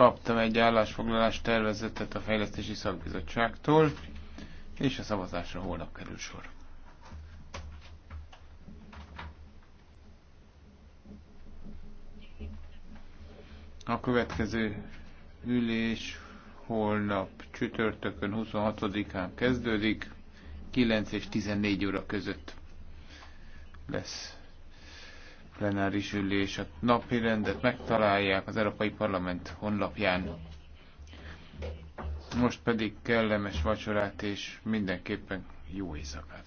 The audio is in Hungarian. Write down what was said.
Kaptam egy állásfoglalás tervezetet a Fejlesztési Szakbizottságtól, és a szavazásra holnap kerül sor. A következő ülés holnap csütörtökön 26-án kezdődik, 9 és 14 óra között lesz plenáris ülés. A napi rendet megtalálják az Európai Parlament honlapján. Most pedig kellemes vacsorát és mindenképpen jó éjszakát.